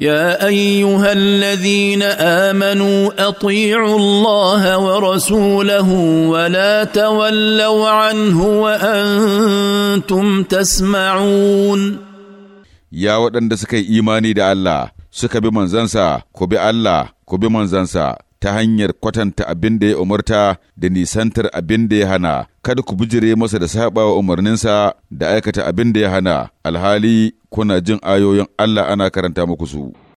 يا ايها الذين امنوا اطيعوا الله ورسوله ولا تولوا عنه وانتم تسمعون يا ودان دسكاي ايماني دا الله سكا بي منزانسا كوبي الله كوبي منزانسا ta hanyar kwatanta abin da ya umarta da nisantar abin da ya hana, kada ku bijire masa da saɓawa umarninsa da aikata abin da ya hana, alhali kuna jin ayoyin Allah ana karanta muku su.